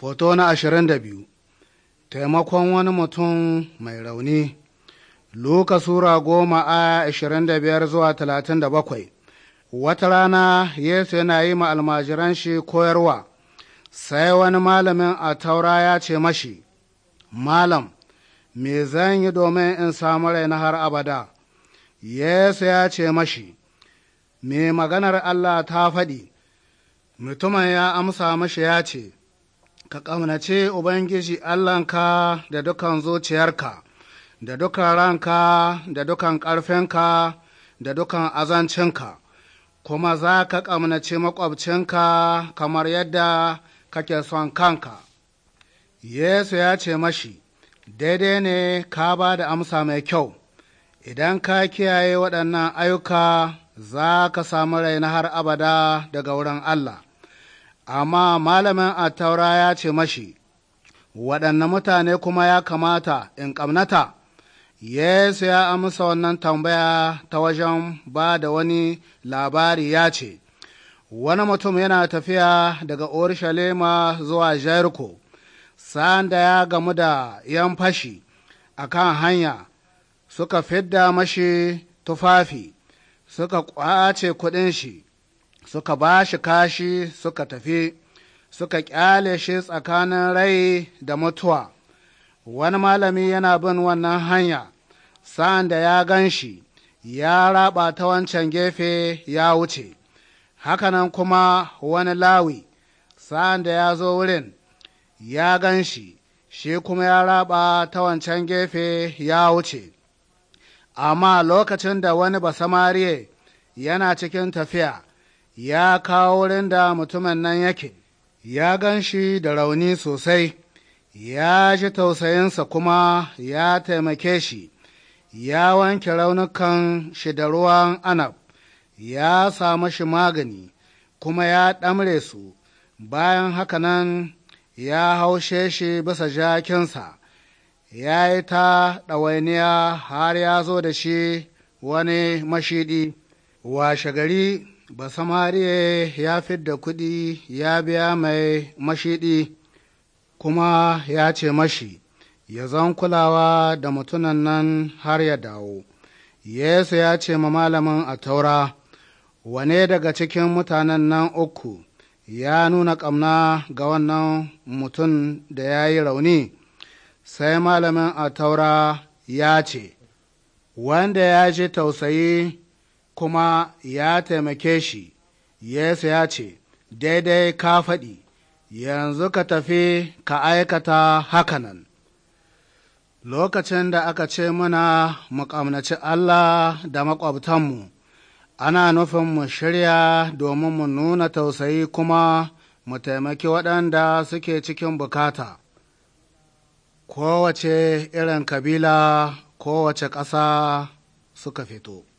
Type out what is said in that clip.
Foto na ashirin da biyu Taimakon wani mutum mai rauni Luka Sura goma a ashirin da biyar zuwa talatin da bakwai Wata rana Yesu yana yi ma almajiran shi koyarwa, sai wani malamin a taura ya ce mashi, Malam, me zan yi domin in samu na har abada? Yesu ya ce mashi, Me maganar Allah ta faɗi, mutumin ya amsa mashi ya ce, ka ƙaunace Ubangiji Allahnka da dukan zuciyarka, da dukan ranka, da dukan ƙarfinka, da dukan azancinka, kuma za ka ƙaunace maƙwabcinka kamar yadda kake son kanka. Yesu ya ce mashi, daidai ne ka ba da amsa mai kyau, idan ka kiyaye waɗannan ayyuka za ka samu na har abada daga wurin Allah. amma malamin attaura ya ce mashi, waɗanne mutane kuma ya kamata in ƙamnata, Yesu ya amsa wannan tambaya ta wajen ba da wani labari ya ce, Wani mutum yana tafiya daga Urushalima zuwa Jericho, sanda ya gamu da ‘yan fashi a kan hanya, suka fidda mashi tufafi, suka ƙwace kuɗin shi. suka ba shi kashi suka tafi suka ƙyale shi tsakanin rai da mutuwa wani malami yana bin wannan hanya sa'an da ya gan shi ya raba ta wancan gefe ya wuce hakanan kuma wani lawi sa'an da ya zo wurin ya gan shi shi kuma ya raba ta wancan gefe ya wuce amma lokacin da wani basamariye yana cikin tafiya ya kawo wurin da mutumin nan yake, ya gan shi da rauni sosai, ya ji tausayinsa kuma ya taimake shi, ya wanke raunukan shi da ruwan anab, ya samu shi magani, kuma ya ɗamre su, bayan haka nan ya haushe shi bisa jakinsa, ya yi ta ɗawainiya har ya zo da shi wani mashiɗi, washe gari Ba samariya ya fidda kuɗi ya biya mai mashiɗi kuma ya ce mashi ya zan kulawa da mutunan nan har ya dawo yesu ya ce ma malamin a taura wane daga cikin mutanen nan uku ya nuna ƙamna ga wannan mutum da ya yi rauni sai malamin a taura ya ce wanda ya ji tausayi kuma ya taimake shi, Yesu ya ce, Daidai ka faɗi, yanzu ka tafi ka aikata hakanan. Lokacin da aka ce muna mu ƙamnaci Allah da maƙwabtanmu, ana nufin mu shirya domin mu nuna tausayi kuma mu taimaki waɗanda suke cikin bukata. Kowace irin kabila, kowace ƙasa suka fito.